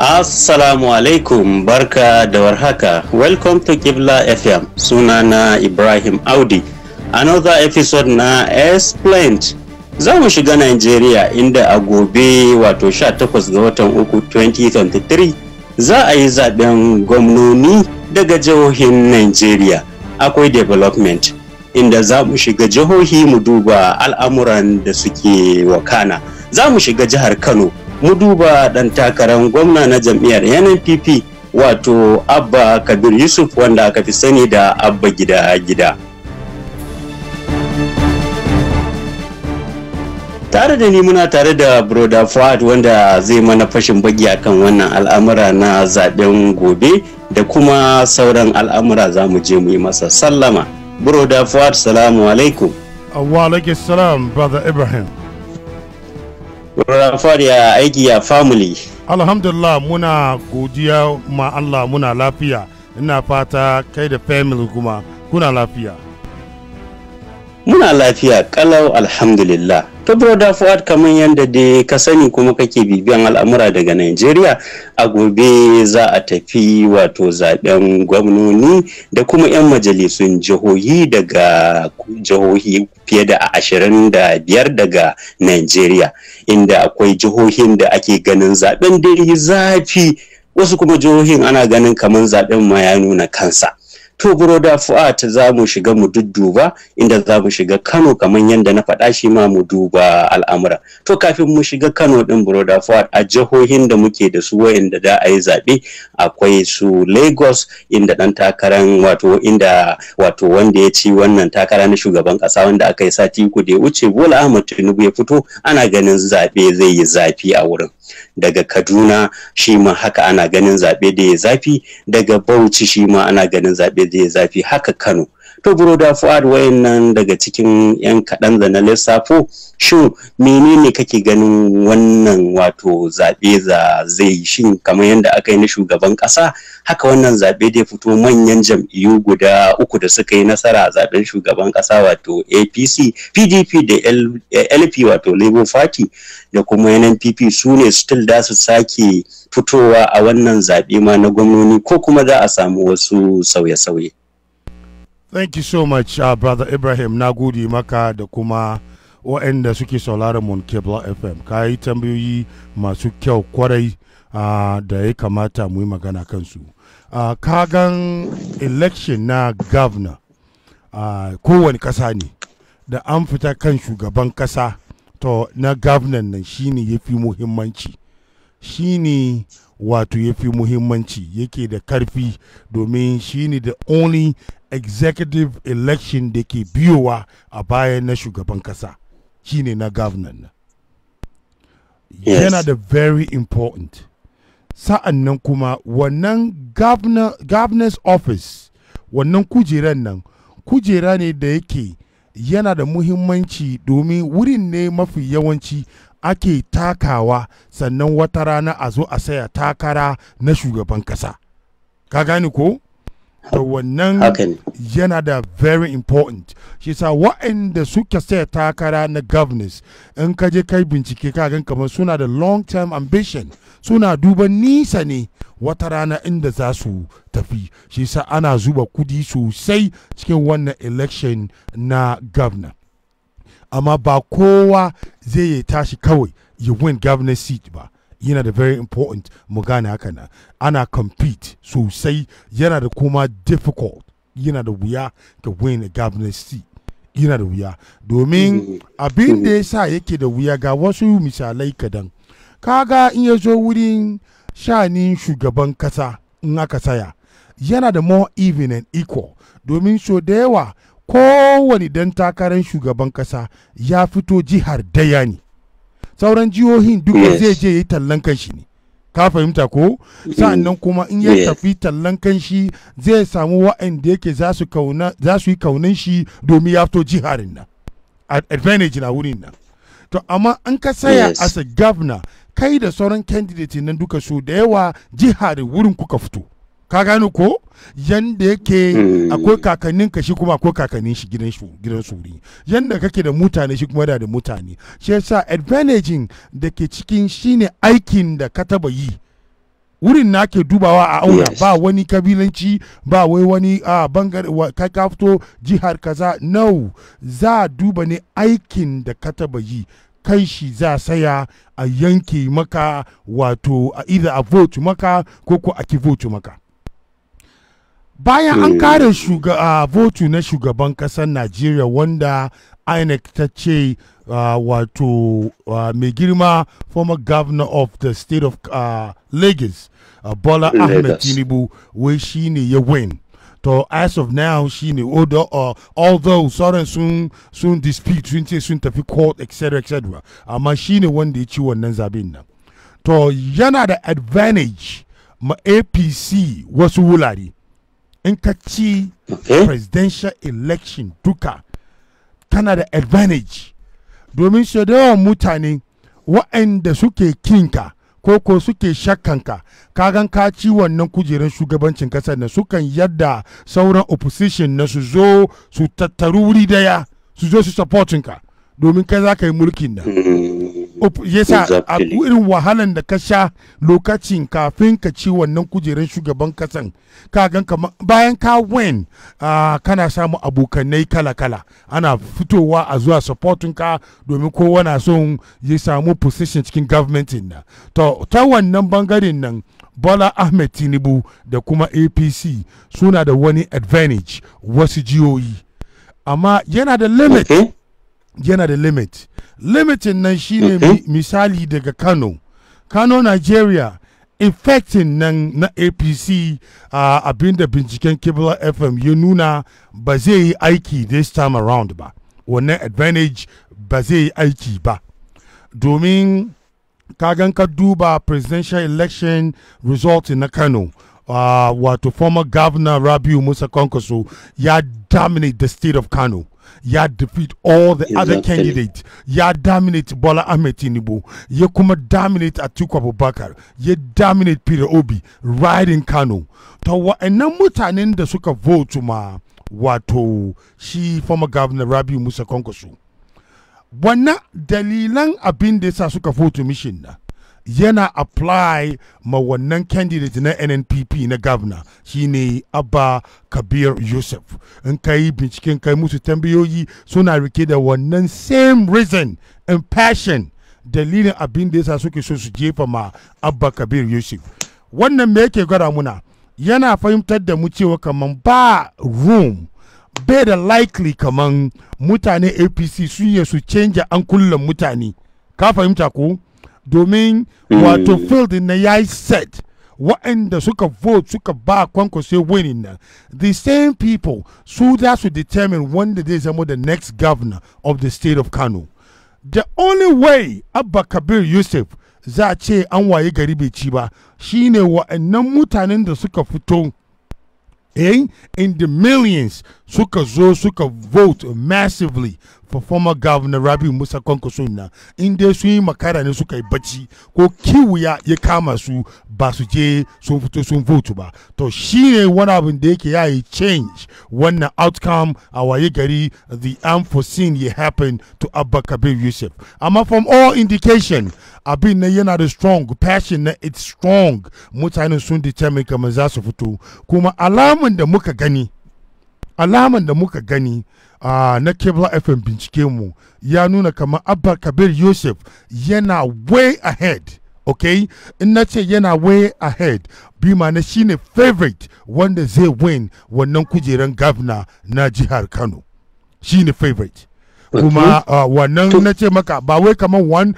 Assalamu alaikum barka da warhaka. Welcome to Kibla FM. suna na Ibrahim Audi. Another episode na Explained. Za mu shiga Najeriya inda a gobe wato 18 ga watan uku 2023 za a yi zaɓen gwamnoni daga jihohin Najeriya. Akwai development inda za mu shiga jihohi mu duba al'amuran da suke wakana. Za mu shiga jihar Kano. mu duba ɗan takarar gwamna na jam'iyyar NNPP wato Abba Kabir Yusuf wanda aka fi sani da Abba Gida Gida. tare da ni muna tare da broda fuad wanda zai mana fashin baki kan wannan al'amura na zaben gobe da kuma sauran al'amura za mu je mu yi masa sallama broda fuad salamu alaikum wa alaikis salam brother ibrahim Ranford ya aiki ya family. Alhamdulillah muna godiya ma Allah muna lafiya. Ina fata kai da family kuma kuna lafiya. Muna lafiya kalau alhamdulillah. To broda Fuad kamar yadda da ka sani kuma kake bibiyan al'amura daga Najeriya a gobe za a tafi wato zaben gwamnoni da kuma 'yan majalisun jihohi daga jihohi fiye da ashirin da biyar daga Najeriya inda akwai jihohin da ake ganin zaben dare zafi wasu kuma jihohin ana ganin kamar zaben ma ya nuna kansa. to broda fu'at za mu shiga mu dudduba inda za mu shiga kano kamar yadda na faɗa shi ma mu duba al'amura to kafin mu shiga kano din broda fu'at a jihohin da muke da su wayanda da a yi zaɓe akwai su lagos inda ɗan takaran wato inda wato wanda ya ci wannan takara na shugaban ƙasa wanda aka yi sati uku da ya wuce bola ahmad tinubu ya fito ana ganin zaɓe zai yi zafi a wurin daga kaduna shi ma haka ana ganin zaɓe da ya zafi daga bauchi shi ma ana ganin zaɓe da ya zafi haka kano to buroda fuad wayannan daga cikin yan kaɗan da na lissafo shin menene kake ganin wannan wato zaɓe za zai shin kamar yadda aka yi na shugaban ƙasa haka wannan zaɓe dai fito manyan jam'iyyu guda uku da suka yi nasara a zaben shugaban ƙasa wato apc pdp da lp wato labour party da kuma nnpp su ne still da su sake fitowa a wannan zaɓe ma na gwamnoni ko kuma za a samu wasu sauye-sauye Thank you so much, uh, Brother Ibrahim. Na gode maka da kuma waɗanda suke sauraron mun cable fm ka yi tambayoyi masu kyau kwarai da ya kamata mu yi magana kansu ka gan election na governor kowane ƙasa ne da an fita kan shugaban ƙasa to na governor nan shine ya fi muhimmanci shine wato ya fi muhimmanci yake da karfi domin shine the only executive election da ke biyowa a bayan na shugaban ƙasa. shine na governor na yana da very important sa'an nan kuma wannan governor, governor's office wannan kujeran nan kujera ne da yake yana da muhimmanci domin wurin ne mafi yawanci ake takawa sannan wata rana a zo a saya takara na shugaban kasa ka gane ko? wannan yana da very important shi sa wa'anda suka saya takara na governors in ka je kai bincike ka gan kamar suna da long term ambition suna duba nisa ne wata rana inda za su tafi shi sa ana zuba kudi sosai cikin wannan election na governor amma ba kowa zai yi tashi kawai ya win governor seat ba yana da very important mu gane haka na ana compete sosai yana da kuma difficult yana da wuya ka win a governor seat yana da wuya domin abin da ya sa yake da wuya ga wasu misalai kadan kaga in ya zo wurin shanin shugaban kasa in aka saya yana da more even and equal domin so da yawa kowane dan takarar shugaban kasa ya fito jihar daya ne sauran jihohin duk yes. zai je yi tallan kanshi ne ka fahimta ko mm. sannan kuma in ya tafi tallan kanshi zai samu wa'anda yake za su yi kaunan shi domin ya fito jiharin nan advantage na wurin nan to amma an ka saya as a governor kai da sauran candidate nan duka su da yawa jiharin wurin kuka fito ka gano ko yanda yake hmm. akwai kakannin ka shi kuma akwai kakannin shi gidan su gidan yanda kake da mutane shi kuma da da mutane shi yasa advantage da ke cikin shine aikin da ka taba yi wurin na ke dubawa a aura ba wani kabilanci ba wai wani a bangare kai ka fito jihar kaza no za duba ne aikin da ka taba yi kai shi za saya a yanke maka wato a either a vote maka ko ko a ki vote maka bayan an eh. kare votu na shugaban kasar najeriya wanda inec ta ce wato mai girma former governor of the state of uh, lagos bola ahmed tinubu wai ne ya win to as of now shine uh, although sauran sun sun dispute sun ce sun tafi court etc etc amma shi ne wanda ya ci wannan zaben nan to yana da advantage ma apc wasu wulare in ka ci presidential election duka kana da advantage domin su da yawan mutane wa'anda suke kinka ko ko suke shakkanka kagan ka ci wannan kujerar shugabancin kasar na sukan yadda sauran opposition na su zo su tattaru wuri daya su zo su supportinka domin kai za ka yi mulkin nan mm. yasa a irin wahalan da ka sha lokacin kafin ka ci wannan kujerar shugaban kasan ka gan kama bayan ka wen kana samu abokanai kala-kala ana fitowa a zuwa supporting ka domin kowa na son ya samu position cikin governmentin na to ta wannan bangaren nan Bola Ahmed Tinubu da kuma APC suna da wani advantage wasu jihohi amma yana da limit yana da limit limitin nan shine okay. misali daga kano kano nigeria infecting nan na apc uh, abinda binciken kibla fm ya nuna ba zai yi aiki this time around ba wannan advantage ba zai yi aiki ba domin kagan ka duba presidential election result na kano uh, wato former governor rabiu musa kwankwaso ya dominate the state of kano ya defeat all the other candidates ya dominate Bola Ahmed Tinubu ya kuma dominate Atiku Abubakar ya dominate Peter Obi riding Kano to wa'annan mutanen da suka vote ma wato shi former governor Rabiu Musa Kwankwaso wannan dalilan abin da yasa suka vote mission na yana apply ma wannan candidate na nnpp na governor shine abba kabir yusuf in ka binciken kai musu tambayoyi suna rike da wannan same reason and passion dalilin abin da yasa suke so su jefa ma abba kabir yusuf wannan me yake gwada muna yana fahimtar da mu cewa kaman ba room bai da likely kaman mutane apc sun yi su canja an kullum mutane ka fahimta ko domin eh. wato field na ya yi set waɗanda suka vote suka ba kwankwasai winning na the same people su za su determine wanda zai zama the next governor of the state of kano the only way abba kabir yusuf za a ce an waye gari bai ci ba shine waɗannan mutanen da suka fito eh, in the millions suka zo suka vote massively former governor rabi musa kwankwaso na in dai yi makara ne suka yi bacci ko kiwuya ya kama su ba su je sun fito sun vote ba to shi ne wani abin da yake yayi change wannan outcome a waye gari the unforeseen ya happen to abba kabir yusuf amma from all indication abin na yana da strong passion na it's strong mutanen sun determine kamar za su fito kuma alamun da muka gani alaman da muka gani uh, na cable fm bincike mu ya nuna kamar abba kabir yusuf yana way ahead ok in na ce yana way ahead bi na shine favorite wanda zai win wannan kujeran gavna na jihar kano shine favorite kuma uh, wannan na ce maka ba wai kamar 1%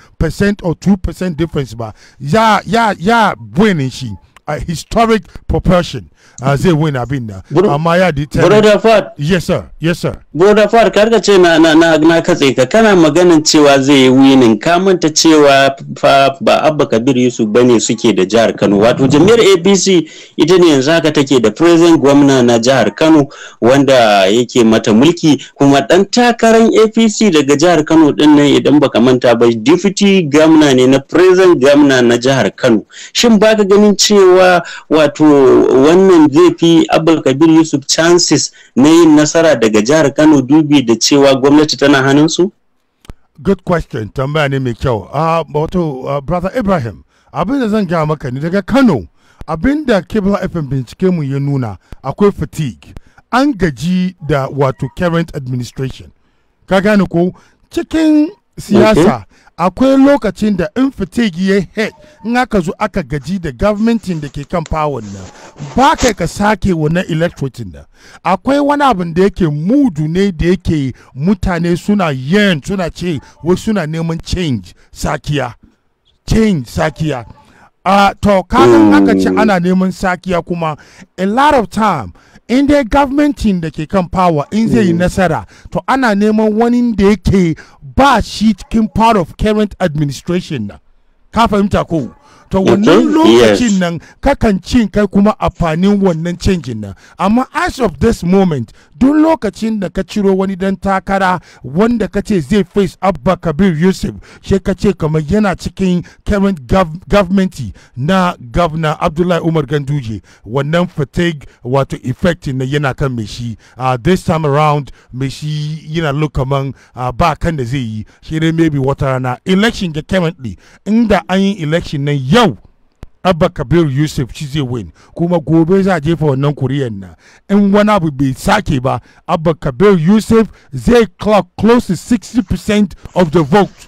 or 2% difference ba ya ya ya winin shi a historic proportion uh, zai win abin da amma ya di brother fad yes sir yes sir brother fad karka ce na na na na katse ka kana maganin cewa zai yi winin, ka manta cewa fa ba abba kabir yusuf bane suke da jihar kano wato jami'ar apc ita ne yanzu haka take da president gwamna na jihar kano wanda yake mata mulki kuma dan takarar apc daga jihar kano din nan idan baka manta ba deputy gwamna ne na president gwamna na jihar kano shin baka ganin cewa cewa wato wannan zai fi abdulkabir yusuf chances na yin nasara daga jihar kano dubi da cewa gwamnati tana hannunsu? good question tambaya ne mai kyau uh, wato ah, brother ibrahim abin da zan gaya maka ne daga kano abin da cable fm bincike mu ya nuna akwai fatigue an gaji da wato current administration ka gane ko cikin siyasa akwai lokacin da in fite giye head in aka zo aka gaji da gwamnatin da ke kan power nan ba kai ka sake wani electrotin nan akwai wani abin da yake mudu ne da yake mutane suna yen suna ce wai suna neman change sakiya change sakiya a ah, to aka ce oh. ana neman sakiya kuma a lot of time in dai gwamnatin da ke kan power in zai yi mm. nasara to ana neman wani da yake ba shi cikin part of current administration na ka fahimta ko to wannan lokacin nan kakan cin kai kuma amfanin wannan canjin nan amma as of this moment duk lokacin da ka ciro wani dan takara wanda ka ce zai face abba kabir yusuf shi ka ce kamar yana cikin current government na governor abdullahi umar ganduje wannan fatigue wato effect na yana kan mai shi uh, this time around mai shi yana look uh, ba kan da zai yi shi ne maybe wata rana election ga currently inda an yi election nan yau abba kabir yusuf shi zai win kuma gobe za a jefa wannan kuriyan na in wani abu bai sake ba abba kabir yusuf zai clock close to 60% of the vote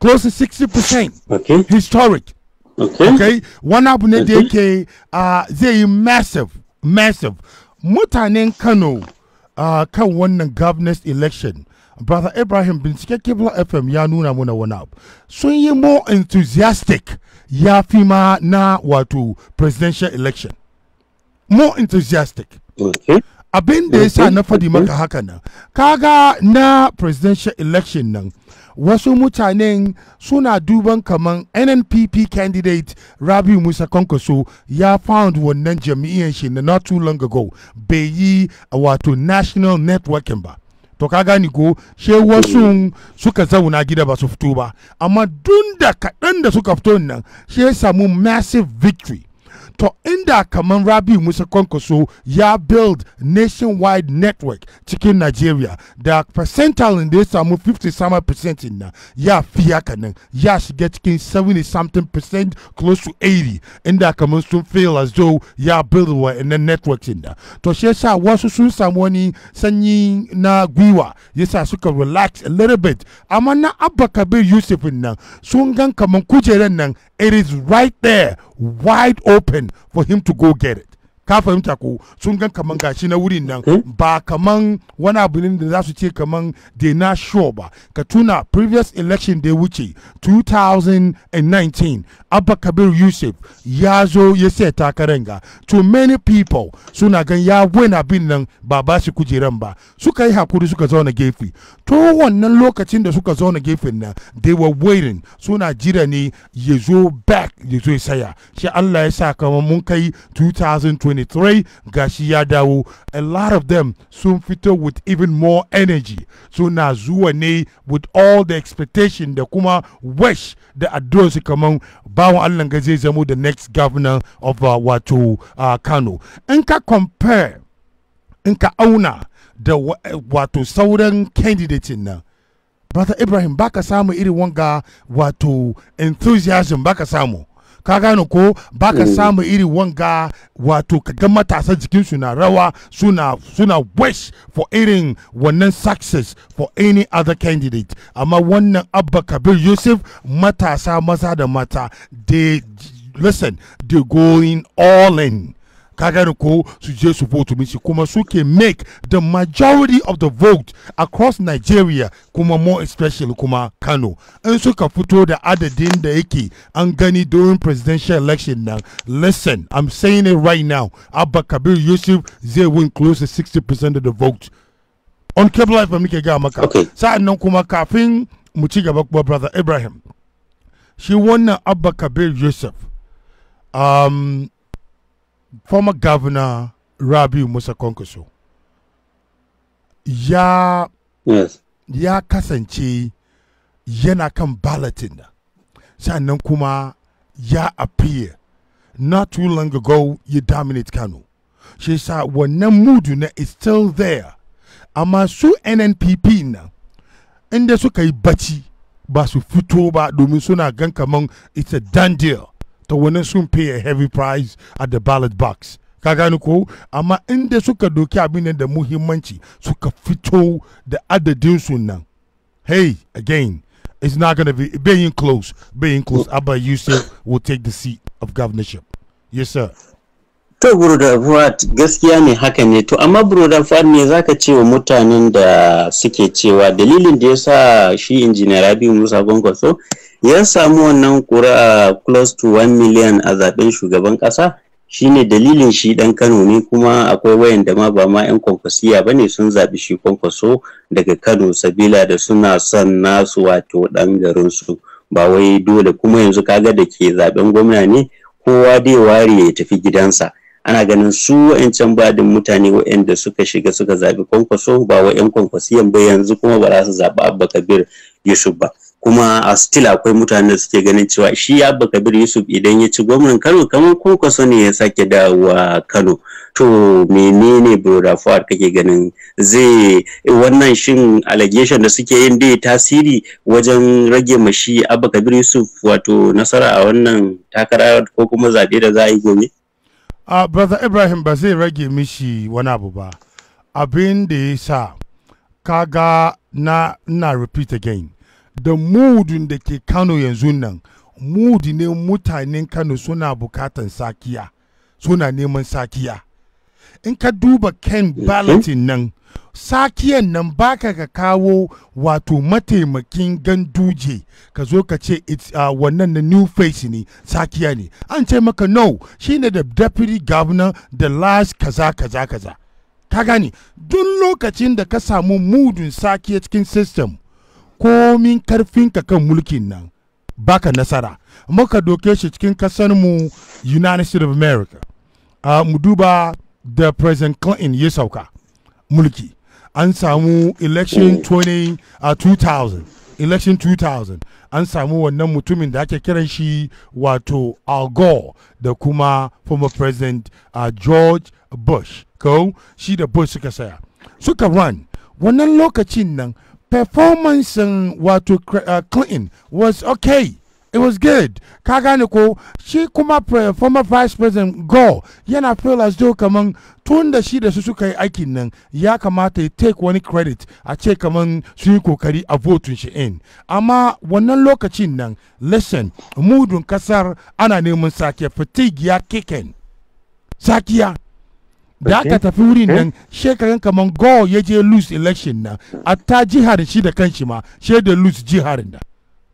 close to 60% okay. historic okay, okay? wani abu ne da yake uh, zai yi massive massive mutanen kano uh, kan wannan governors election brother ibrahim bincike kibla fm ya nuna muna wani abu sun so yi more enthusiastic ya fi ma na wato presidential election more enthusiastic abin da ya sa na fadi maka haka nan kaga na presidential election nan wasu mutanen suna duban kaman nnpp candidate rabi musa kwankwaso ya found wannan jami'in shi na not too long ago bai yi wato national networking ba to ka gani ko she wasu suka zauna gida ba su fito ba amma dun da kaɗan da suka fito nan she samu massive victory to inda kaman rabi musa kwankwaso ya build nationwide network cikin nigeria da percentile da ya samu 50 sama percent na ya fi haka nan ya shiga cikin 70 something percent close to 80 inda kaman sun fail as though ya build wa'annan network da to shi yasa wasu sun samu wani sanyi na gwiwa yasa suka relax a little bit amma na abba kabir yusuf nan sun gan kaman kujeran nan It is right there, wide open for him to go get it. ka fahimta ko sun gan kaman gashi na wurin nan hmm? ba kaman wani abu ne da za su ce kaman they na sure ba ka tuna previous election da ya wuce 2019 abba kabir yusuf ya zo ya sai takarar ga to many people suna gan ya win abin nan ba ba shi kujeran ba suka yi hakuri suka zauna gefe to wannan lokacin da suka zauna gefen nan they were waiting suna jira ne ya zo back ya zo ya saya shi allah ya sa kaman mun kai 2020 2023 gashi ya dawo a lot of them sun fito with even more energy suna zuwa ne with all the expectation da kuma wish da addu'arsu kaman bawan allah ga zai zamo the next governor of uh, wato uh, kano in ka compare in ka auna da eh, wato sauran candidate nan brother ibrahim baka samu irin wanga wato enthusiasm baka samu ka gane ko baka eh. samu iri wanga wato kaga matasa jikinsu na rawa suna suna wish for irin wannan success for any other candidate amma wannan abba kabir yusuf matasa maza da mata they listen they going all in ka gane ko su je su vote mishi kuma suke make the majority of the vote across nigeria kuma more especially kuma kano in suka fito da adadin da yake an gani during presidential election now listen i'm saying it right now abba kabir yusuf zai win close to 60 percent of the vote on cable life muke ga maka okay. sa'an nan kuma kafin mu ci gaba kuma brother ibrahim shi wannan abba kabir yusuf um, former governor rabi Musa Konkoso ya yes. ya kasance yana kan balloting sannan kuma ya appear not too long ago ya dominate Kano she sa wannan mudu na is still there amma su NNPP na inda suka yi bacci ba su fito ba domin suna gan kaman it's a done deal to wani sun pay a heavy price at the ballot box ka gani ko amma inda suka doki abin da muhimmanci suka fito da adadin su nan hey again it's not gonna be being close being close abba yusuf will take the seat of governorship yes sir To Broda Fuad gaskiya ne haka ne to amma Broda Fuad ne zaka ce wa mutanen da suke cewa dalilin da ya sa shi injiniya rabi Musa Gwangwaso ya samu wannan kura close to 1 million a zaben shugaban kasa shine dalilin shi dan Kano ne kuma akwai wayanda ma ba ma yan kwankwasiya ne sun zaɓi shi kwankwaso daga Kano sabila da suna son nasu wato ɗan garinsu, ba wai dole kuma yanzu kaga da ke zaɓen gwamna ne kowa dai ware ya tafi gidansa ana ganin su wa'yancan badin mutane wa'yanda suka shiga suka zaɓi kwankwaso ba wa'yan kwankwasiyan ba yanzu kuma ba za su zaɓi abba kabir yusuf ba kuma a still akwai mutane da suke ganin cewa shi abba kabir yusuf idan ya ci gwamnan kano kamar kwankwaso ne ya sake dawowa kano to menene broda fuad kake ganin zai wannan shin allegation da suke yin dai tasiri wajen rage mashi abba kabir yusuf wato nasara a wannan takara ko kuma zaɓe da za a yi gobe Uh, brother Ibrahim ba zai rage mishi wani abu ba. Abin da ya sa kaga na na repeat again. Da mudun da ke Kano yanzu nan, mudu ne mutanen Kano suna bukatan sakiya, suna neman sakiya. in ka duba ken eh, balatin nan sakiyan nan baka ka kawo wato mataimakin ganduje ka zo ka ce uh, wannan na new face ne sakiya ne an ce maka no shine da deputy governor da last kaza kaza kaza ka gani duk lokacin da ka samu mudun sakiya cikin system komin karfin ka kan mulkin nan baka nasara muka doke shi cikin kasar mu united states of america uh, mu duba da president clinton ya sauka mulki an samu election 20 a 2000 election 2000 an samu wannan mutumin da ake kiran shi wato al gore da kuma former president uh, george bush ko shi da bush suka saya suka run wannan lokacin nan performance wato uh, clinton was okay it was good ka gane ko shi kuma former vice president gore yana feel as though kaman tun da shi da su suka yi aikin nan ya kamata ya take wani credit a ce kaman su yi kokari a votun shi in amma wannan lokacin nan listen mudun kasar ana neman sake fatigue ya kicken sakiya da aka tafi wurin nan shekarun kaman gore ya je lose election nan a ta jiharin shi da kanshi ma shaidar lose jiharin nan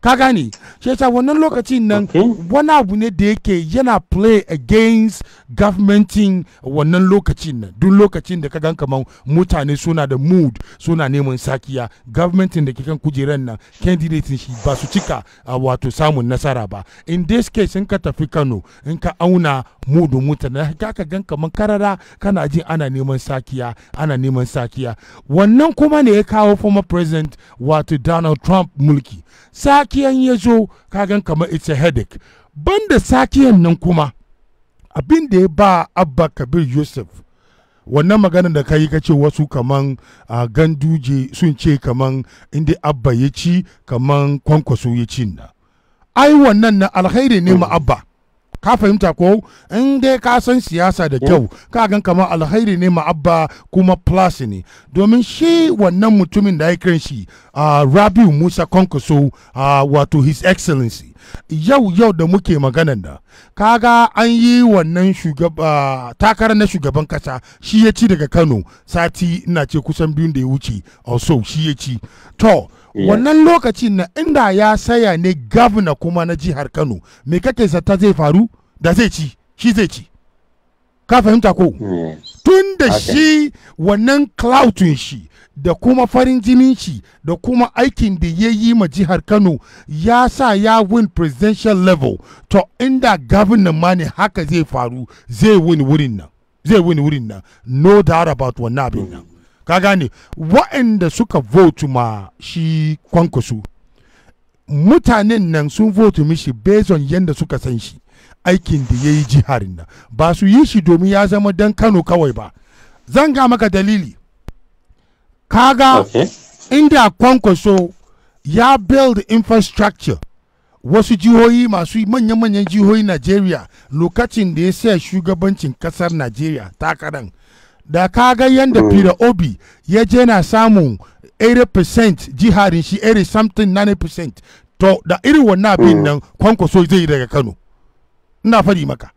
ka gane shi yasa wannan lokacin nan wani abu ne da yake yana play against governmentin wannan lokacin nan duk lokacin da ka gan kamar mutane suna da mood suna neman sakiya governmentin da ke kan kujeran nan candidate shi ba su cika wato samun nasara ba in this case in ka tafi Kano in ka auna mood mutane ka ka gan kamar karara kana jin ana neman sakiya ana neman sakiya wannan kuma ne ya kawo former president wato Donald Trump mulki sa sakiyan ya zo kagan kamar it's a headache banda sakiyan nan kuma abin da ya ba abba kabir yusuf wannan maganar da ka yi kace wasu kaman a ganduje sun ce kaman inda abba ya ci kaman kwankwaso ya ci na ai wannan na alkhairi ne ma abba ka fahimta ko in dai ka san siyasa da kyau mm. ka gan kamar alhairi ne ma'abba kuma plus ne domin shi wannan mutumin da ya kiran shi ah, rabiu musa konkoso ah, wato his excellency yau yau da muke maganan da kaga an yi wannan ah, takarar na shugaban kasa shi ya ci daga kano sati ina ce kusan biyun da ya wuce also shi ya ci to wannan lokaci na inda ya saya ne gavna kuma na jihar kano me kake zata zai faru da zai ci shi zai ci ka fahimta ko tun da shi wannan cloudin shi da kuma farin jinin shi da kuma aikin da ya yi ma jihar kano ya sa ya win presidential level to inda gabanin ma ne haka zai faru zai win wurin nan no doubt about wannan abin nan ka gane waɗanda suka vote ma shi kwankwaso mutanen nan sun vote mishi based on yadda suka san shi aikin da ya yi jiharin nan ba su yi shi domin ya zama dan kano kawai ba zan ga maka dalili kaga okay. inda kwankwaso ya build infrastructure wasu jihohi masu manya manyan jihohi Najeriya lokacin da ya saya shugabancin kasar Najeriya takaran da kaga yadda mm. Peter Obi ya je na samun 80% jiharin shi 80 something 90% to da irin wannan abin mm. nan kwankwaso zai yi daga Kano ina fari maka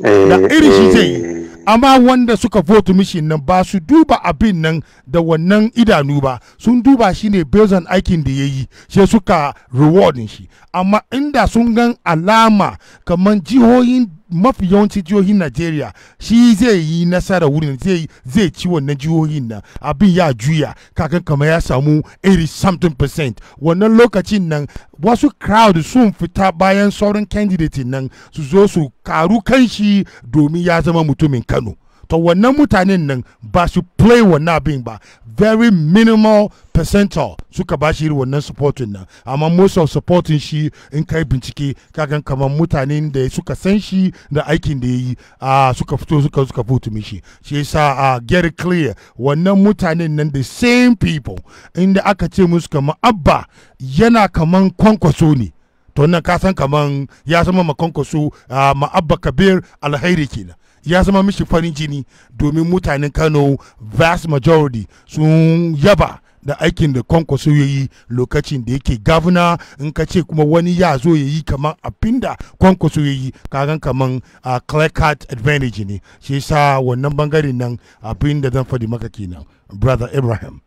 da eh, irin shi zai yi eh. amma wanda suka vote mishi nan ba su duba abin nan da wannan idanu ba sun duba shi ne bezon aikin da ya yi sai suka rewardin shi amma inda sun gan alama kamar jihohin mafi yawancin jihohin Najeriya shi zai yi nasara wurin zai zai ci wannan jihohin na abin ya juya kakan kamar ya samu 80 something percent wannan lokacin nan wasu crowd sun fita bayan sauran candidate nan su zo su karu kanshi domin ya zama mutumin Kano to wannan mutanen nan ba su play wannan abin ba very minimal percentile suka ba shi wannan supporting nan amma most of supporting shi in kai bincike kagan kamar mutanen da suka san shi da aikin da ya yi uh, suka fito suka suka fito mishi shi yasa a get it clear wannan mutanen nan the same people inda aka ce musu kamar abba yana kaman kwankwaso ne to nan ka san kaman ya zama makonkwaso uh, ma'abba kabir alhairi kenan ya zama mishi farin jini domin mutanen kano vast majority sun yaba da aikin da kwankwaso ya yi lokacin da yake gavana in ka ce kuma wani ya zo ya yi kamar da kwankwaso ya yi kagan kamar a clear advantage ne shi sa wannan bangaren nan abin da zan faɗi maka kenan brother ibrahim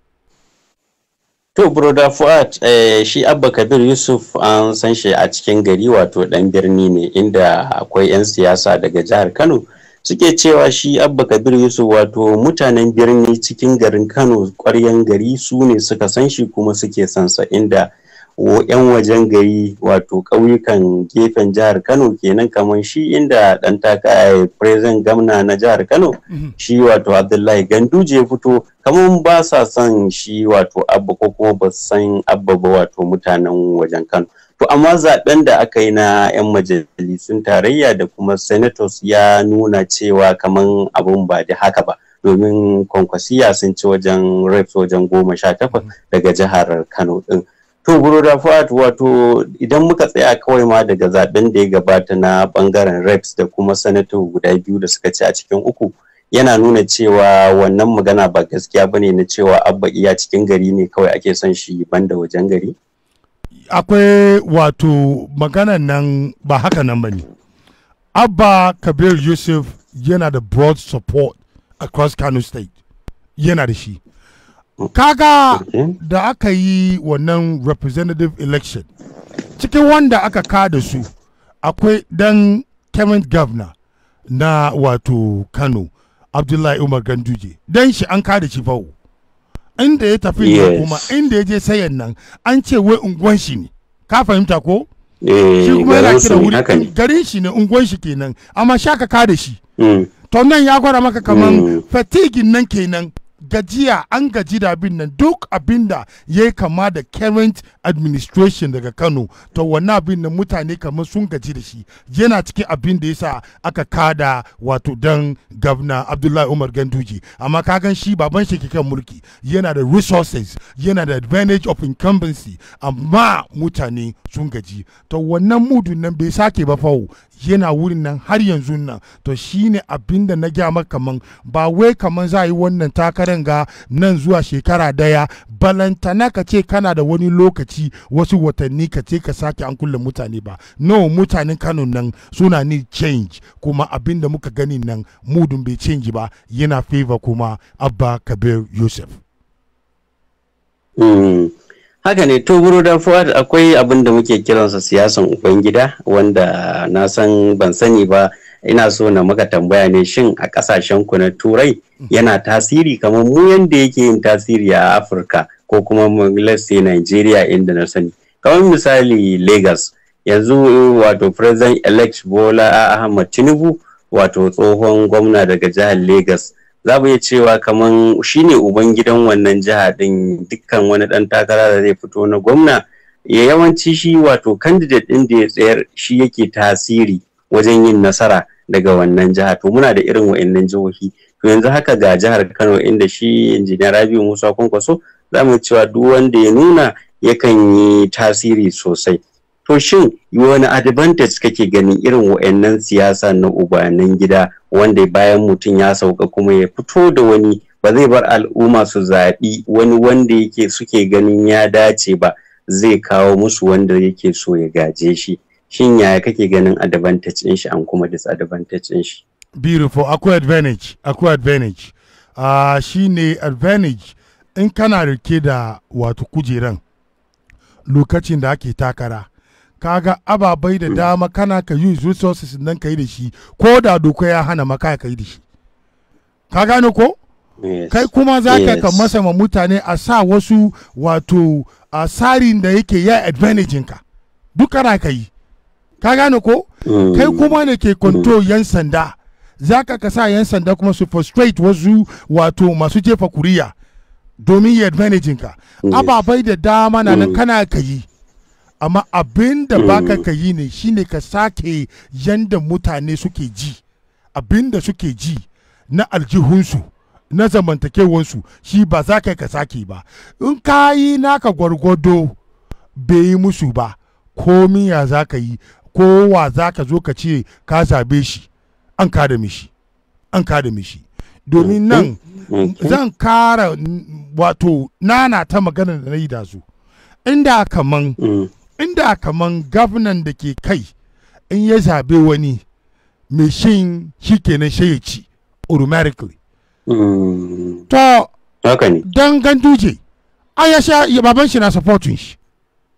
to brother fuad eh, shi abba kabir yusuf an san shi a cikin gari wato dan birni ne inda akwai 'yan siyasa daga jihar kano suke cewa shi abba kabir yusuf wato mutanen birni cikin garin kano kwaryan gari su ne suka san shi kuma suke sansa inda yan wajen gari wato ƙauyukan gefen jihar kano kenan kamar shi inda ɗan taka a president gamna na jihar kano mhm. shi wato abdullahi ganduje ya fito kamar ba sa son shi wato abba ko kuma ba san abba ba wato mutanen wajen kano To amma zaɓen da aka yi na 'yan majalisun tarayya da kuma senators ya nuna cewa kamar abun ba da haka ba. Domin kwankwasiya sun ci wajen reps wajen goma sha takwas mm. daga jihar Kano ɗin. To da fuat, wato idan muka tsaya kawai ma daga zaɓen da ya gabata na bangaren reps da kuma sanato guda biyu da suka ci a cikin uku yana nuna cewa wannan magana ba gaskiya bane na cewa abba iya cikin gari ne kawai ake son shi banda wajen gari. akwai wato magana nan ba haka nan ba abba kabir yusuf yana da broad support across kano state yana da shi kaga da aka yi wannan representative election cikin wanda aka kada su akwai dan kevin governor na wato kano abdullahi umar ganduje dan shi an kada shi fawo inda ya tafi yes. kuma inda ya je sayan nan an ce wai unguwan shi ne ka fahimta ko eh, shi kuma yana kira wuri garin shi ne unguwan shi kenan amma sha ka da shi mm. to nan ya gwada maka kaman mm. fatigin nan kenan gajiya an gaji da abin nan duk abin da ya yi kama da current administration daga kano to wannan abin nan mutane kamar sun gaji da shi yana cikin abin da yasa aka kada wato dan gabna abdullahi umar ganduji amma kagan shi baban shi kan mulki yana da resources yana da advantage of incumbency amma mutane sun gaji to wannan mudun nan bai sake ba fawo yana wurin nan har yanzu nan to shine abin da na gya maka kaman ba wai kaman za yi wannan takarar ga nan zuwa shekara daya balantana ka ce kana da wani lokaci wasu watanni ka ce ka sake an kulle mutane ba no mutanen kano nan suna ni change kuma abin da muka gani nan mudun bai change ba yana favor kuma abba kabir yusuf mm. haka ne to buru da fuad akwai abin da muke kiransa siyasan ubangida wanda na san ban sani ba ina so na maka tambaya ne shin a kasashen ku na turai yana tasiri kamar mu yanda yake yin tasiri a afirka ko kuma let's nigeria inda na sani kamar misali lagos yanzu wato president elect bola ahmad tinubu wato tsohon gwamna daga jihar lagos za mu iya cewa kaman shine uban gidan wannan jiha din dukkan wani ɗan takara da zai fito na gwamna ya yawanci shi wato candidate ɗin da ya tsayar shi yake tasiri wajen yin nasara daga wannan jiha to muna da irin wa'annan jihohi to yanzu haka ga jihar Kano inda shi injiniya Rabiu Musa Kwankwaso za mu cewa duk wanda ya nuna yakan yi tasiri sosai to shin wani advantage kake ganin irin wa'annan siyasa na ubanin gida wanda bayan mutum ya sauka kuma ya fito da wani ba zai bar al'umma su zaɓi wani wanda yake suke ganin ya dace ba zai kawo musu wanda yake so ya gaje shi shin yaya kake ganin advantage shi an kuma disadvantage shi beautiful akwai advantage akwai advantage uh, shine advantage in kana rike da wato kujeran lokacin da ake takara kaga ababai da dama kana ka yi resources nan ka yi da shi ko da doka ya hana maka ka yi da shi ka gane ko kai kuma za ka masa ma mutane a sa wasu wato a tsarin da yake ya advantage ka duka na ka ka gane ko mm. kai kuma ne ke control mm. yan sanda za ka sa yan sanda kuma su frustrate wasu wato masu jefa kuriya domin ya advantage ka ababai da dama na nan mm. kana ka yi amma abin da baka mm. ka yi ne shine ka sake yanda mutane suke ji abin da suke ji na aljihunsu na zamantakewansu shi ba za ka ka sake ba in ka yi naka gwargwado bai yi musu ba komi ya za ka yi kowa za ka zo ka ce ka zabe shi an kada mishi an kada mishi domin nan mm-hmm. Mm-hmm. zan kara wato nana ta magana da na yi da su inda kaman mm. inda kaman gwamnan da ke kai in ya zabe wani mai shin shi kenan shi ya ci automatically mm. to haka ne don ganduje an ya sha baban shi na supportin shi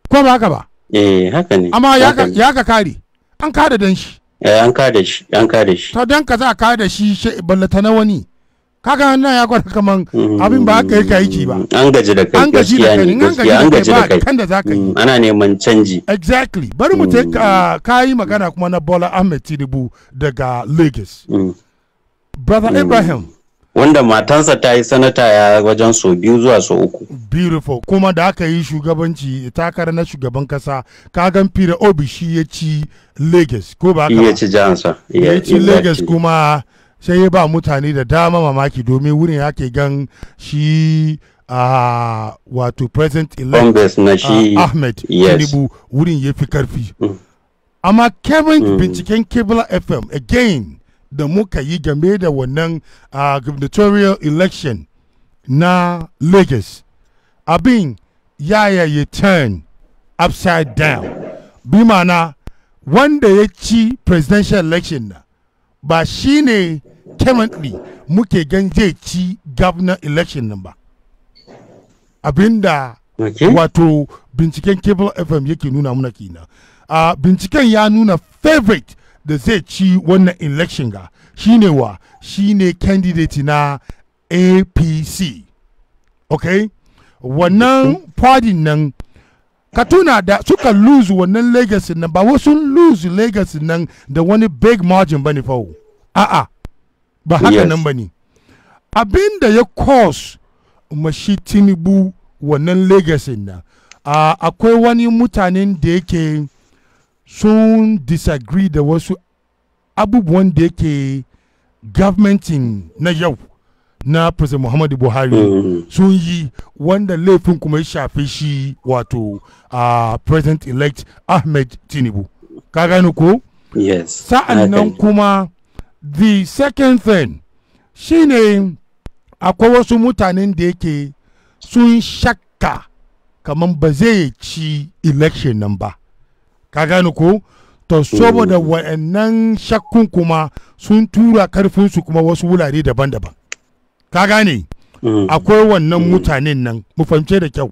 ko ba haka ba eh haka ne amma ya ka kare an kada dan shi eh an kada shi an kada shi to dan ka za ka kada shi shi ballata na wani kaga na ya gwada kaman mm. abin ba aka yi ka yi ba an gaji da kai an gaji da kai an gaji da kai kan da zaka yi mm, ana neman canji exactly bari mu mm. take ah, yi magana kuma na Bola Ahmed Tinubu daga Lagos brother Ibrahim wanda matansa ta yi sanata ya wajen so biyu zuwa so uku beautiful kuma da aka yi shugabanci takara na shugaban kasa ka gan fira obi shi ya ci Lagos ko ba ka ya ci jansa ya ci Lagos kuma sai ya ba mutane da dama mamaki domin wurin ya ke gan shi a wato president elect ahmed tinubu wurin ya fi karfi mm. amma kevin mm. binciken kebla fm again da muka yi game da wannan gubernatorial election na lagos abin yaya ya turn upside down bi mana wanda ya ci presidential election na ba shi ne currently muke gan zai ci governor election nan ba abinda okay. wato binciken cable fm yake nuna muna kina uh, binciken ya nuna favorite da zai ci wannan election ga shine wa shine candidate na apc okay wannan party nan ka da suka lose wannan legacy nan ba wasu lose legacy nan da wani big margin bane fawo a'a ba haka nan ba ne abin da ya cause mashi tinubu wannan legacy na akwai wani mutanen da yake sun disagree da wasu abubuwan da yake gavmentin na yau na president muhammadu buhari mm-hmm. sun yi wanda laifin kuma ya shafi shi wato a president elect ahmed tinubu ka gano ko yes sa'an nan kuma the second thing shine akwai wasu mutanen da yake sun shakka kamar ba zai ci election nan ba ka gane ko to saboda mm. wa'annan shakkun kuma sun tura karfinsu kuma wasu wulare daban-daban ka gane mm. akwai wannan mm. mutanen nan mu fahimce da kyau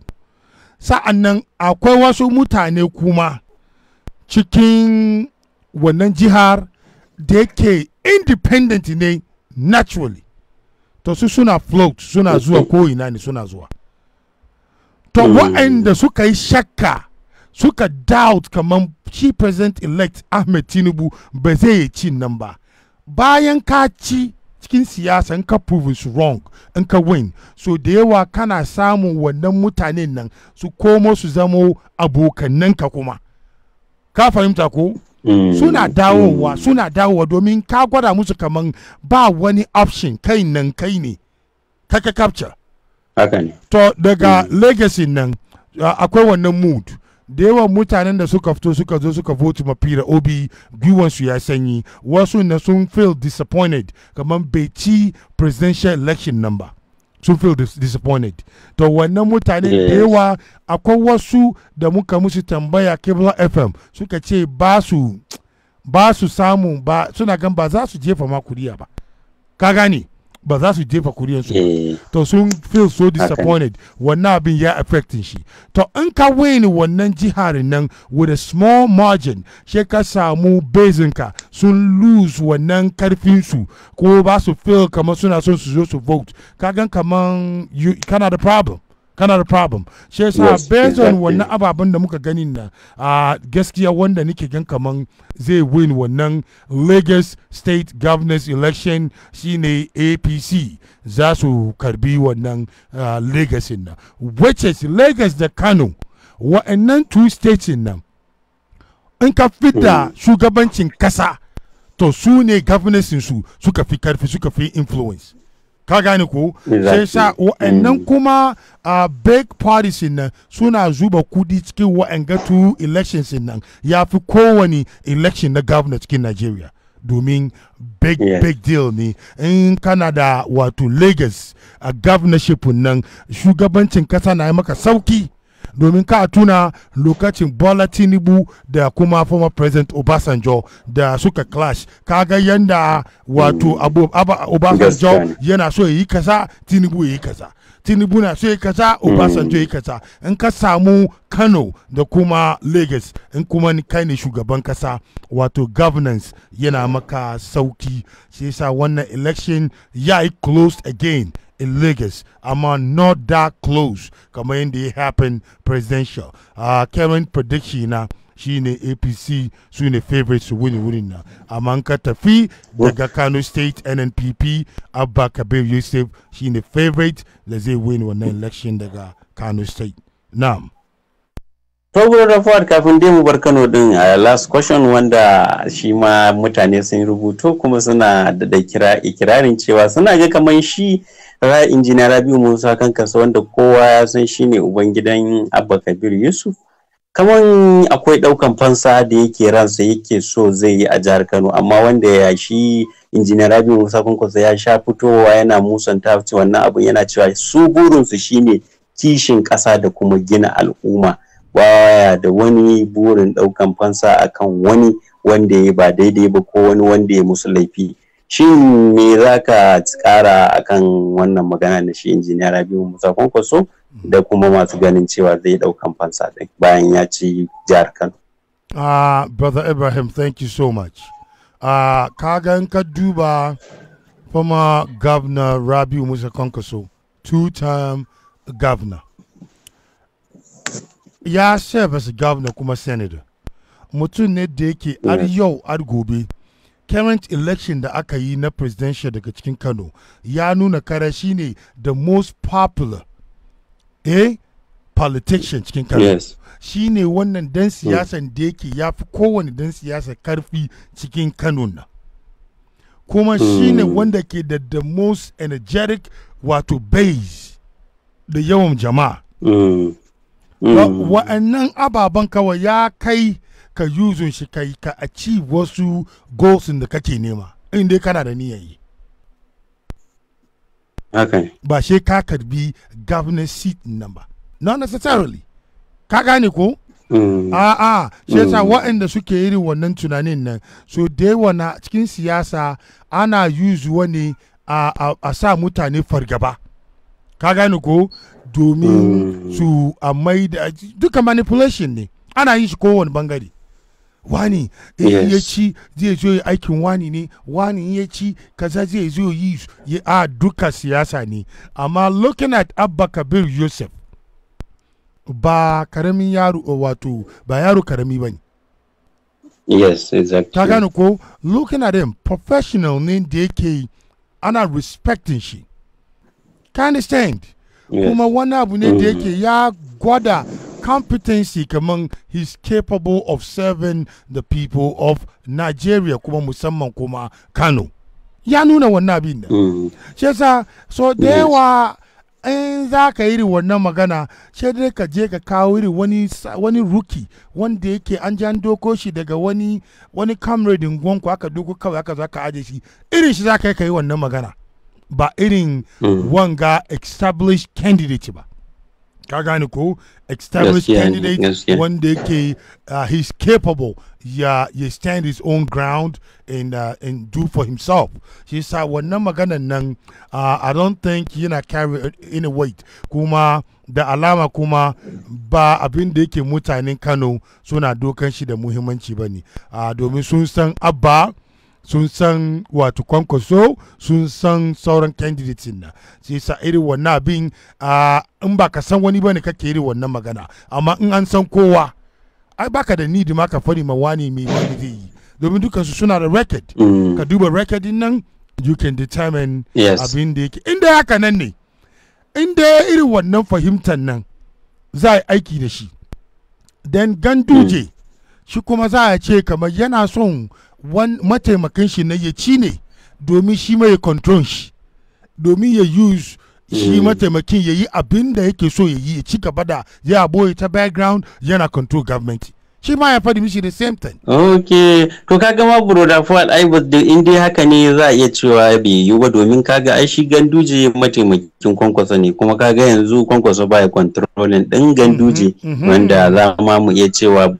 sa'an nan akwai wasu mutane kuma cikin wannan jihar da yake independent ne naturally to su suna float suna zuwa mm-hmm. ina ne suna zuwa to mm-hmm. wa'anda suka yi shakka suka doubt kamar shi president elect ahmed tinubu ba zai yi cin nan ba bayan ka ci cikin siyasa ka prove is wrong in ka win so da yawa kana samun wannan mutanen nan su komo su zamo abokannanka kuma ka fahimta ko Mm. suna dawowa mm. suna dawowa domin ka gwada musu kaman ba wani option kai nan kai ne kaka capture to daga mm. legacy nan akwai wannan mood da yawan mutanen da suka fito suka zo suka vote ma fira obi gwiwansu ya sanyi wasu na sun feel disappointed kamar bai ci presidential election number. sun feel disappointed to wannan mutane da yawa akwai wasu da muka musu tambaya kebla fm suka ce ba su ba su samu ba suna gan ba za su jefa ma kuriya ba ka gane ba za su jefa kuriyarsu ba eh. to sun feel so disappointed wannan abin ya affecting shi to in ka win wannan jihar nan with a small margin she ka samu ka sun lose wannan karfinsu ko ba su feel kamar suna son su zo su vote gan kamar kana da problem kanar problem shi yasa based on wannan ababen da muka gani na a gaskiya wanda nake gan kaman zai win wannan Lagos State Governors Election shine APC za su karbi wannan lagos Lagos na wacce Lagos da Kano wa'annan two states nan in ka fita da mm. shugabancin kasa to su ne su suka fi karfi suka fi influence ka gane ko sai sa wa'annan mm. kuma a big parties nan suna zuba kudi cikin wa'anga two elections nan ya fi kowane election na governor cikin Nigeria domin big big deal ne in kana da wato Lagos a governorship nan shugabancin kasa na maka sauki domin ka tuna lokacin bola tinubu da kuma former president obasanjo da suka clash kaga yanda wato obasanjo yana so yi kaza tinubu yi kaza tinubu na so yi kaza mm. obasanjo yi kaza in ka samu kano da kuma lagos in kuma kai ne shugaban kasa wato governance yana maka sauki shi yasa wannan election ya yi closed again in Lagos amma not that close kamar in, ya happen presidential uh, Kevin prediction ah, in shine apc su ne favorite su win wurin na ah. amma ka tafi daga kano state nnpp abba kabir yusuf shine favorite da zai win wannan election daga kano state na'am Toguro da Ford kafin dai mu bar Kano din a last question wanda shi ma mutane sun rubuto kuma suna da kira ikirarin cewa suna ga kaman shi Ra'ayi injiniya Rabiu Musa kan kasa, wanda kowa ya san shine uban gidan Abba Kabir Yusuf. Kaman akwai ɗaukan fansa da yake ransa yake so zai yi a jihar Kano amma wanda ya shi injiniya Rabiu Musa kan kasa, ya sha fitowa yana musanta wannan abun yana cewa su burinsu shine kishin ƙasa da kuma gina al'umma. baya da wani burin ɗaukan fansa akan wani wanda ya ba daidai ba ko wani wanda ya musu laifi shin me za ka kara kan wannan magana da shi injiniya rabiu musa kwankwaso da kuma masu ganin cewa zai daukan fansa din bayan ya ci jihar kano ah brother ibrahim thank you so much ah ka in ka duba former governor rabiu musa kwankwaso two-time governor ya serve as governor kuma senator mutum ne da yake har mm. yau ar gobe current election da aka yi na presidential daga cikin kano ya nuna kare ne the most popular eh politician cikin kano yes. ne wannan dan hmm. siyasan da yake ya fi kowane dan siyasa karfi cikin kano na kuma hmm. shi ne wanda ke da the most energetic wato base da yawan jama'a mm. mm. wa'annan ababen kawai ya kai ka yuzun shi kai ka achieve wasu goals da kake nema in dai kana da niyan yi ba she ka karbi governor seat nan ba not necessarily ka gane ko mm. A'a, shi mm. waɗanda suke yi wannan tunanin nan, so da yawa na cikin siyasa ana yuzuwa ne a, sa mutane fargaba. Ka gane ko? Domin mm. su a maida duka manipulation ne, ana yin shi kowane bangare. wani in ya ci zai zo yi aikin wani ne wani ya ci kaza zai zo yi a duka siyasa ne amma looking at abba kabir yusuf ba karamin yaro wato ba yaro karami ba ne yes exactly ta gano ko looking at him professional ne da yake ana respecting shi ka understand kuma wani abu ne da yake mm. ya gwada competency kaman he's capable of serving the people of Nigeria kuma musamman kuma Kano ya nuna wannan abin da mm. so da yawa in za ka wannan magana dai ka je ka kawo iri wani rookie wanda yake an jan doko shi daga wani comrade in gwanku aka doko kawai aka zo aka aje shi irin shi za ka yi ka yi wannan magana ba irin mm. wanga established candidate ba ka gane ko established yes, candidate yes, yes. wanda yake uh, he's capable ya ya stand his own ground and uh, and do for himself shi yasa wannan maganan nan uh, i don't think yana carry any weight kuma da alama kuma ba abin da yake mutanen kano suna dokan shi da muhimmanci ba ne uh, domin sun san abba sun san wato kwankwaso sun san sauran candidates na sai sa irin wannan abin in ba ka san wani ne kake irin wannan magana amma in an san kowa ai baka da need ma ka fari ma wani mai wani zai yi domin dukansu suna da record mm. ka duba record nan you can determine abin da yake inda haka nan ne inda irin wannan fahimtar nan za a yi aiki da shi then ganduje mm. shi kuma za a ce kamar yana son mataimakin shi na ya ci ne domin shi mai control shi domin ya use shi mm. mataimakin ya yi abin da yake so ya yi ya ci gaba da ya boye ta background yana control government shi ma ya faɗi mishi the same thing. ok to kaga ma da fuad ai da in dai haka ne za a iya cewa bai yiwu ba domin kaga ai shi ganduje mataimakin kwankwaso ne kuma kaga yanzu kwankwaso baya controlling din ganduje mm-hmm, mm-hmm. wanda za ma mu iya cewa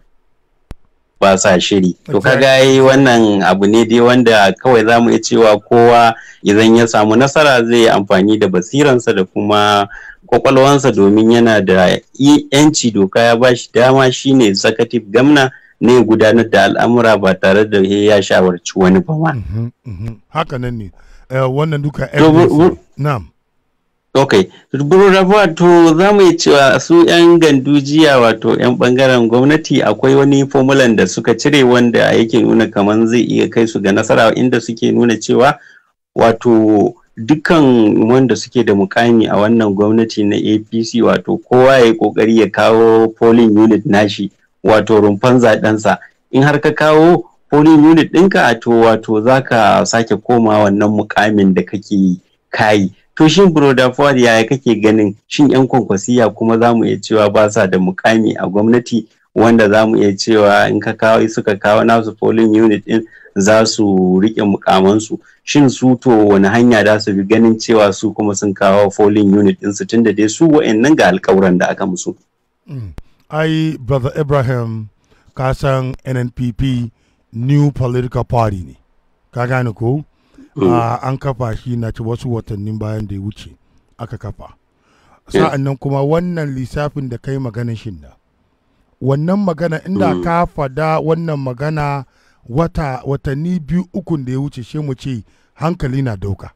ba sa shiri to kaga yi wannan abu ne dai wanda kawai za mu iya cewa kowa idan ya samu nasara zai amfani da basiransa da kuma kwakwalwansa domin yana da yanci doka ya ba shi dama shi ne executive gamna ne gudanar da al'amura ba tare da ya shawarci wani ba ma. Mhm, mhm. Haka nan ne, eh, wannan duka na'am. ok burura wato za mu yi cewa su 'yan gandu jiya, wato 'yan bangaren gwamnati akwai wani fomulan da suka cire wanda yake nuna kamar zai iya kai su ga nasara inda suke nuna cewa wato dukkan wanda suke da mukami a wannan gwamnati na apc wato kowa ya yi kokari ya kawo polling unit nashi wato rumfan zaɗensa in har ka kawo polling unit ɗinka to wato za ka sake koma wannan mukamin da kake kayi To shin Broda Ford yaya kake ganin shin 'yan kwankwasiya kuma za mu iya cewa ba sa da mukami a gwamnati wanda za mu iya cewa in ka kawo suka kawo nasu polling unit din za su rike mukamansu shin su to wani hanya da su bi ganin cewa su kuma sun kawo polling unit din su tunda dai su wa'annan ga alkawuran da aka musu. Mm. Ai, Brother Ibrahim, ka san NNPP New Political Party ne, ka gane ko? Mm. Ah, an kafa shi na ci wasu watannin bayan da ya wuce aka kafa eh. sa'an nan kuma wannan lissafin da kai maganin shi na wannan magana inda mm. ka fada wannan magana wata watanni biyu uku da ya wuce shi mu ce hankali na doka.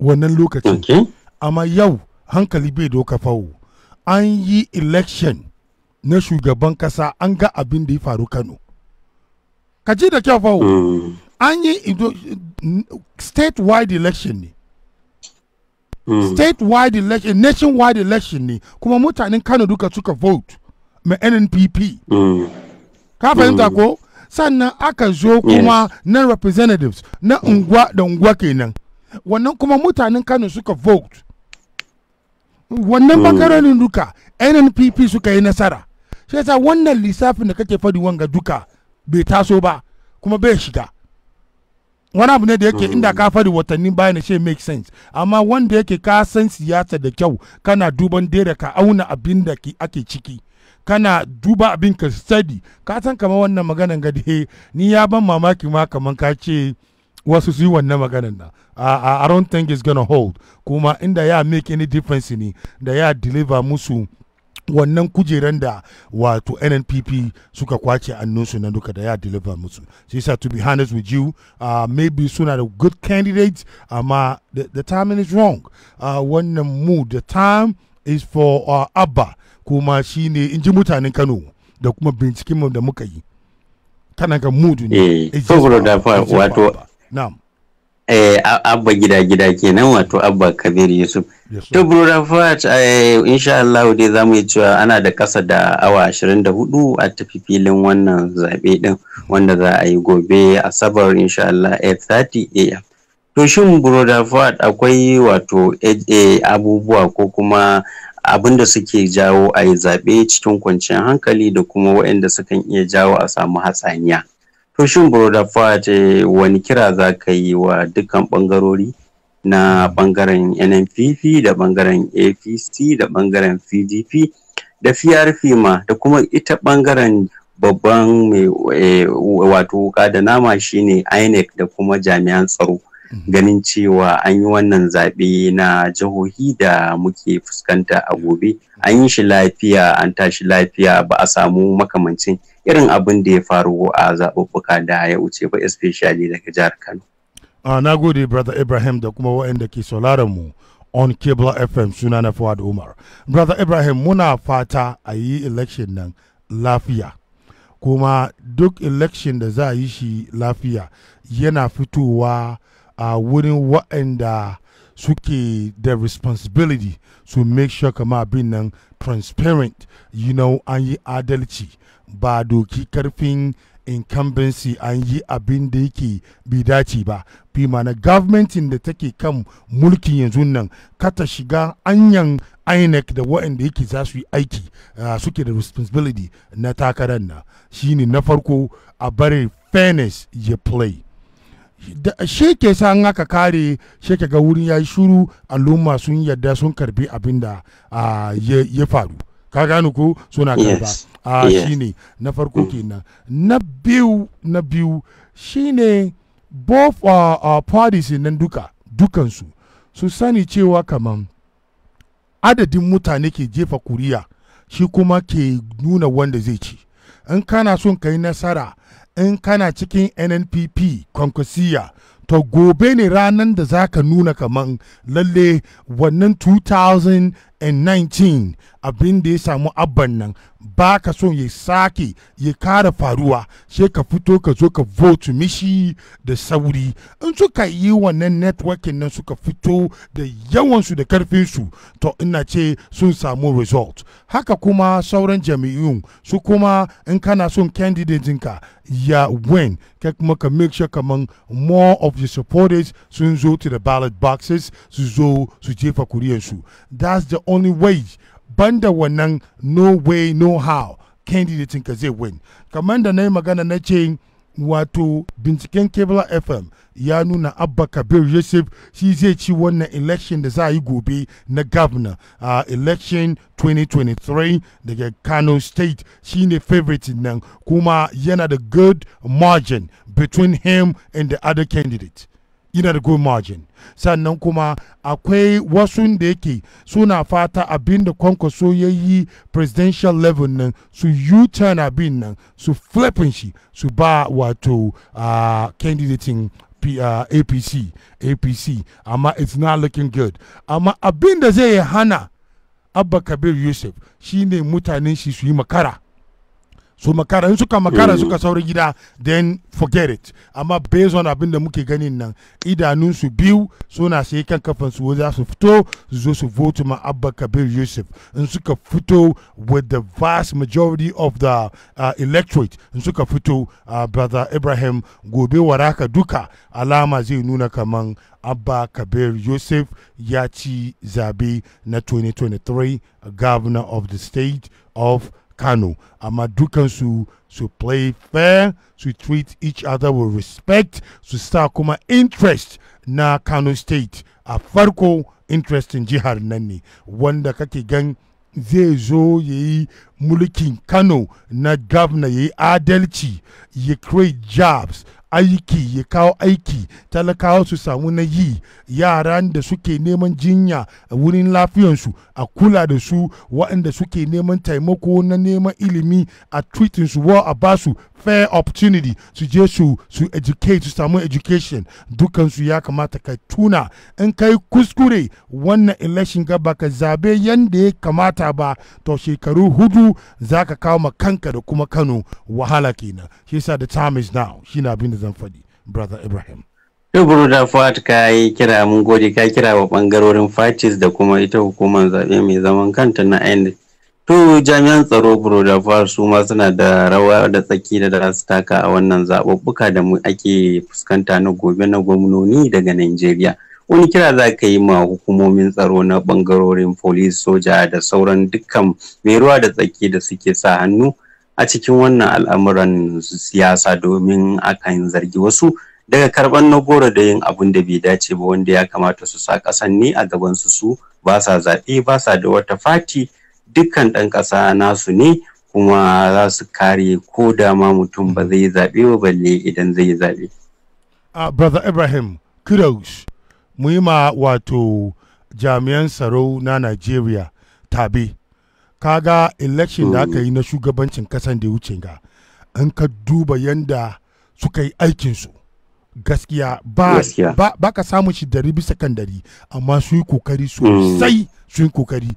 wannan lokacin amma yau hankali bai doka fawo an yi election na shugaban kasa an ga abin da ya faru kano ka ji da kyau fawo mm. an yi statewide election ne hmm. statewide election nationwide election ne kuma mutanen kano duka suka vote ma nnpp hmm. ka fahimta hmm. ko sannan aka zo kuma na representatives na unguwa da unguwa kenan wannan kuma mutanen kano suka vote wannan makaronin duka nnpp suka yi nasara shi yasa wannan lissafin da kake fadi wanga duka bai taso ba kuma bai shiga wani abu ne da yake mm. inda ka fari watanni bayan shi make sense amma wanda yake ka san siyasa da kyau kana duban dare ka auna abin da ake ciki kana duba abin ka study ka san kamar wannan maganan ga ni ya ban mamaki ma kamar ka ce wasu su yi wannan maganan na a I don't think it's gonna hold kuma inda ya make any difference ne da ya deliver musu wannan kujeran da wato nnpp suka kwace annunsu na duka da ya deliver musu shi sa to be honest with you uh, maybe suna da good candidate amma the, the timing is wrong uh, wannan mu the time is for uh, abba kuma shine in ji mutanen kano da kuma binciken da muka yi kana ga mudu eh, ne wato Eh, abba gida gida kenan wato abba kabir yusuf to broda fat eh, insha Allah dai za mu yi cewa ana da kasa da awa 24 a tafi filin wannan zaɓe din wanda za a yi gobe asabar insha Allah 8:30 am to shin broda fat akwai wato eh, eh, abubuwa ko kuma abin da suke jawo a yi zaɓe cikin kwanciyar hankali da kuma waɗanda sukan iya jawo a samu hatsaniya To shin Broda Fat wani kira za ka yi wa dukkan bangarori na bangaren NNPP da bangaren APC da bangaren PDP da PRP ma da kuma ita bangaren babban mai eh, wato wuka da nama shine INEC da kuma jami'an tsaro mhm. ganin cewa an yi wannan zaɓe na jihohi da muke fuskanta a gobe an yi shi lafiya an tashi lafiya ba a samu makamancin irin abin da ya faru a zaɓuɓɓuka da ya wuce ba especially daga jihar Kano. Uh, na gode brother Ibrahim da kuma wanda ke sauraron mu on Cable FM suna na Fuad Umar. Brother Ibrahim muna fata a yi election nan lafiya. Kuma duk election da za a yi shi lafiya yana fitowa a uh, wurin wa'anda suke da responsibility to make sure kama abin nan transparent you know an yi adalci ba doki karfin incumbency an yi abin da yake bi dace ba bi mana gwamnatin da take kan mulkin yanzu nan kata shiga anyan inec da waɗanda yake za su yi aiki suke da responsibility na takarar na shine na farko a bari fairness ya play shi ke sa an aka kare shi ga wurin ya yi shuru al'umma sun yadda sun karbi abin da ya faru ka gano ko suna karba a shine na farko mm. kenan na biyu na biyu shine both uh, uh, parties nan duka dukansu su sani cewa kaman adadin mutane ke jefa kuriya shi kuma ke nuna wanda zai ci in kana son ka yi nasara in kana cikin nnpp kwankwasiya to gobe ne ranar da za ka nuna kaman lalle wannan and 19 abin da ya samu abban nan ba ka son ya sake ya kara faruwa sai ka fito ka zo ka vote mishi da sauri in suka yi wannan networking nan suka fito da yawansu da karfinsu to ina ce sun samu result haka kuma sauran jami'un su kuma in kana son candidate ka ya win ka kuma ka make sure kaman more of your supporters sun zo to the ballot boxes su zo su jefa kuriyarsu that's the only wai banda wannan no way no how candidate ka zai win kamar da na yi magana na ce wato binciken kebla fm ya nuna abba kabir yusuf shi zai ci wannan election da za a yi gobe na governor a uh, election 2023 daga kano state shine favorite nan kuma yana da good margin between him and the other candidate yana da good margin sannan kuma akwai wasu da yake suna fata abin da kwankwaso ya yi presidential level nan su u-turn abin nan su flipin shi su ba wato uh, candidating apc ah, apc amma it's not looking good amma abin da zai hana abba kabir yusuf shine mutanen shi su yi makara su makara in suka makara suka eh. sauri gida then forget it amma based on abin da muke ganin nan idanunsu biyu suna sai kan su za su fito su zo su vote ma abba kabir yusuf in suka fito with the vast majority of the uh, electorate in suka fito uh, brother ibrahim gobe waraka duka alama zai nuna kaman abba kabir yusuf ya ci zabe na 2023 governor of the state of Kano. dukansu su play fair, su treat each other with respect, su sa kuma interest na Kano State. A farko interestin jihar nan ne wanda kake gan zai zo ya yi mulkin Kano na gavna ya yi adalci, ya create jobs aiki ya kawo aiki talakawa su samu na yi yaran da suke neman jinya a wurin lafiyansu a kula da su waɗanda suke neman taimako na neman ilimi a twitinsu su wa a basu fair opportunity su je su su educate su samu education dukansu ya kamata ka tuna in kai kuskure wannan election ga baka zabe yanda ya kamata ba to shekaru hudu za ka kawo ma kanka da kuma kano wahala kenan shi yasa the time is now shi na abin da zan faɗi brother ibrahim Duburu da Fuad ka yi kira mun gode ka kira wa ɓangarorin Fatis da kuma ita hukumar zaɓe mai zaman kanta na INEC To jami'an tsaro Brodafar su ma suna da rawa da tsaki da da su taka a wannan zaɓuɓɓuka da mu ake fuskanta na gobe na gwamnoni daga Najeriya. Wani kira za ka yi ma hukumomin tsaro na ɓangarorin police soja da sauran dukkan mai ruwa da tsaki da suke sa hannu a cikin wannan al'amuran siyasa domin akan zargi wasu daga karɓar na goro da yin abin da bai dace ba wanda ya kamata su sa ƙasan ne a gabansu su ba sa zaɓe ba sa da wata fati dukkan ɗan ƙasa nasu ne kuma za su kare ko da ma mutum ba zai zaɓe ba balle idan zai zaɓe. Uh, brother ibrahim kudos mu yi ma wato jami'an tsaro na Najeriya tabe ga election da aka yi na shugabancin kasan da wuce ga an ka duba yanda suka yi aikinsu gaskiya ba, ba ka samun shi dari bisa kan dari amma su yi kokari hmm. sosai mm. sun kokari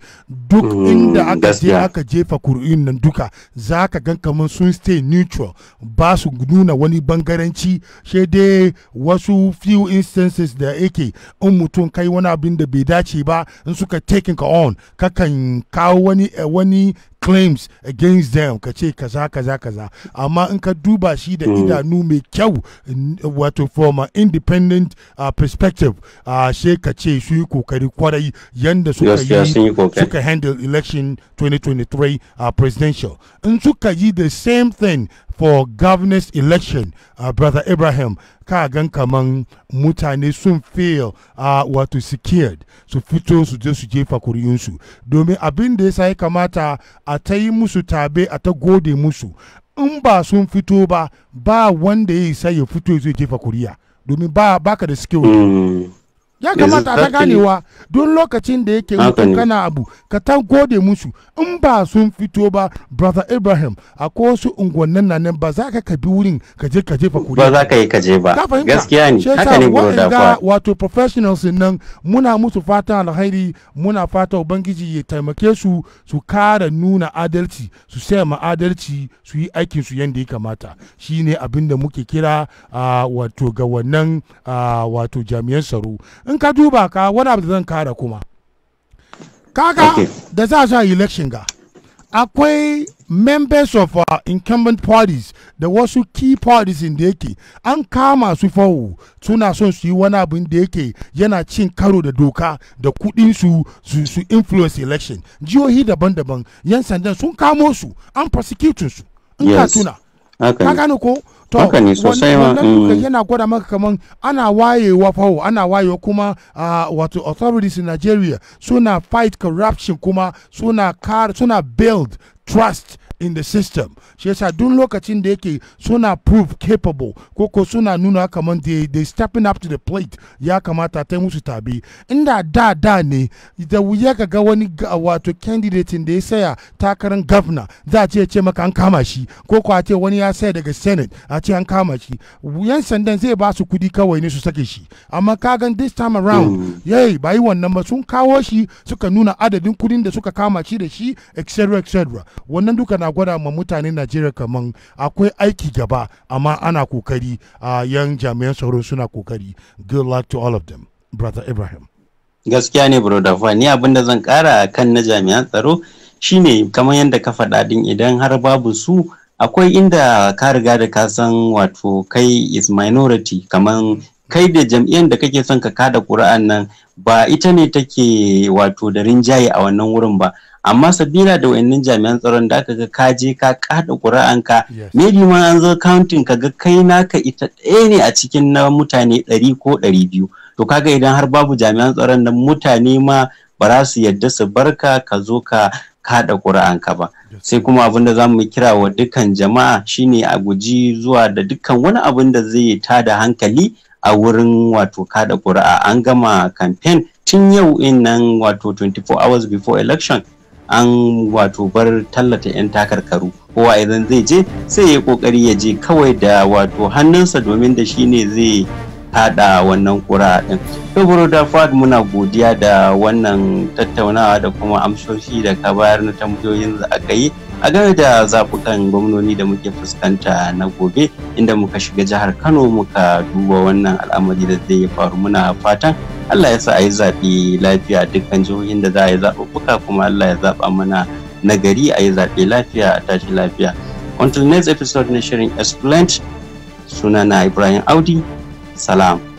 duk mm, inda aka je aka jefa kuri'un nan duka za ka gan kamar sun stay neutral ba su nuna wani bangaranci sai dai wasu few instances da yake in mutum kai wani abin da bai dace ba in suka take ka on kakan kawo wani eh, wani claims against them ka ce kaza kaza kaza amma in ka duba shi da mm. idanu mai kyau wato from an independent uh, perspective uh, she ka ce su yi kokari kwarai yanda suka yi suka handle election 2023 uh, presidential in suka yi the same thing for governor's election uh, brother abraham ka gan kaman mutane sun fail uh, wato secured su fito su je su jefa kuriyunsu domin abin da ya sa kamata a ta yi musu tabe a ta gode musu in ba sun fito ba ba wanda ya isa ya fito ya jefa kuriya domin ba baka da security mm. ya kamata ta ganewa don lokacin da yake mutu kana abu ka ta gode musu in ba sun fito ba brother ibrahim a wasu unguwannin nan ba za ka kabi wurin ka je ka jefa kuri ba za ka yi ka je ba gaskiya ne haka ne gudu da wato professionals nan muna musu fatan alhairi muna fata ubangiji ya taimake su su kara nuna adalci su sai ma adalci su yi aikin su yanda ya kamata shine abin da muke kira wato ga wannan wato jami'an tsaro in ka duba ka wani abu da zan kara kuma kaka da za su election ga akwai members of uh, incumbent parties da wasu key parties da yake an kama su fawo suna son su yi wani abin da yake yana cin karo da doka da kudin su su influence election jihohi daban-daban yan sandan sun kamo su an prosecute su in ka tuna haka ne ko to wannan mm. yana gwada maka kaman ana wayewa fawo ana wayewa kuma wato authorities in Nigeria suna fight corruption kuma suna suna build trust in the system shi yasa duk lokacin da yake suna proof capable ko ko suna nuna kamar they, they stepping up to the plate ya kamata ta musu tabi inda da da ne da wuya ka ga wani wato candidate da ya saya takarar governor za a ce ce maka an kama shi ko ko a ce wani ya saya daga senate a ce an kama shi yan sandan zai ba su kudi kawai ne su sake shi amma gan this time around mm. yayi ba yi wannan ba sun kawo shi suka nuna adadin kudin da suka kama shi da shi etc etc wannan duka na ana gwada ma mutanen najeriya kaman akwai aiki gaba amma ana kokari a yan jami'an tsaro suna kokari good luck to all of them brother ibrahim gaskiya ne brother fa ni abin da zan kara kan na jami'an tsaro shine kamar yadda ka faɗa din idan har babu su akwai inda ka riga da ka san wato kai is minority kamar kai da jam'iyyar da kake son ka kada ƙuri'an nan ba ita ne take wato da rinjaye a wannan wurin ba amma sabila da wayannan jami'an tsaron da aka ga ka je ka kada me maybe ma an zo counting ka ga kai naka ita ɗaya ne a cikin na mutane ɗari ko ɗari biyu to kaga idan har babu jami'an tsaron nan mutane ma ba za su yadda su barka ka zo ka kada ka ba sai kuma abin da za mu kira wa dukkan jama'a shine a guji zuwa da dukkan wani abin da zai tada hankali a wurin wato kada ƙuri'a an gama campaign tun yau in nan wato 24 hours before election an wato bar tallata 'yan takarkaru kowa idan zai je sai ya kokari ya je kawai da wato hannunsa domin da shi ne zai hada wannan kura din saboda da fad muna godiya da wannan tattaunawa da kuma amsoshi da ka na tambayoyin da aka yi a game da zabukan gwamnoni da muke fuskanta na gobe inda muka shiga jihar kano muka duba wannan al'amari da zai faru muna fatan allah ya sa a yi zaɓe lafiya dukkan jihohin da za a yi zaɓuɓɓuka kuma allah ya zaɓa mana nagari a yi zaɓe lafiya a tashi lafiya until next episode na shirin explained sunana ibrahim audi salam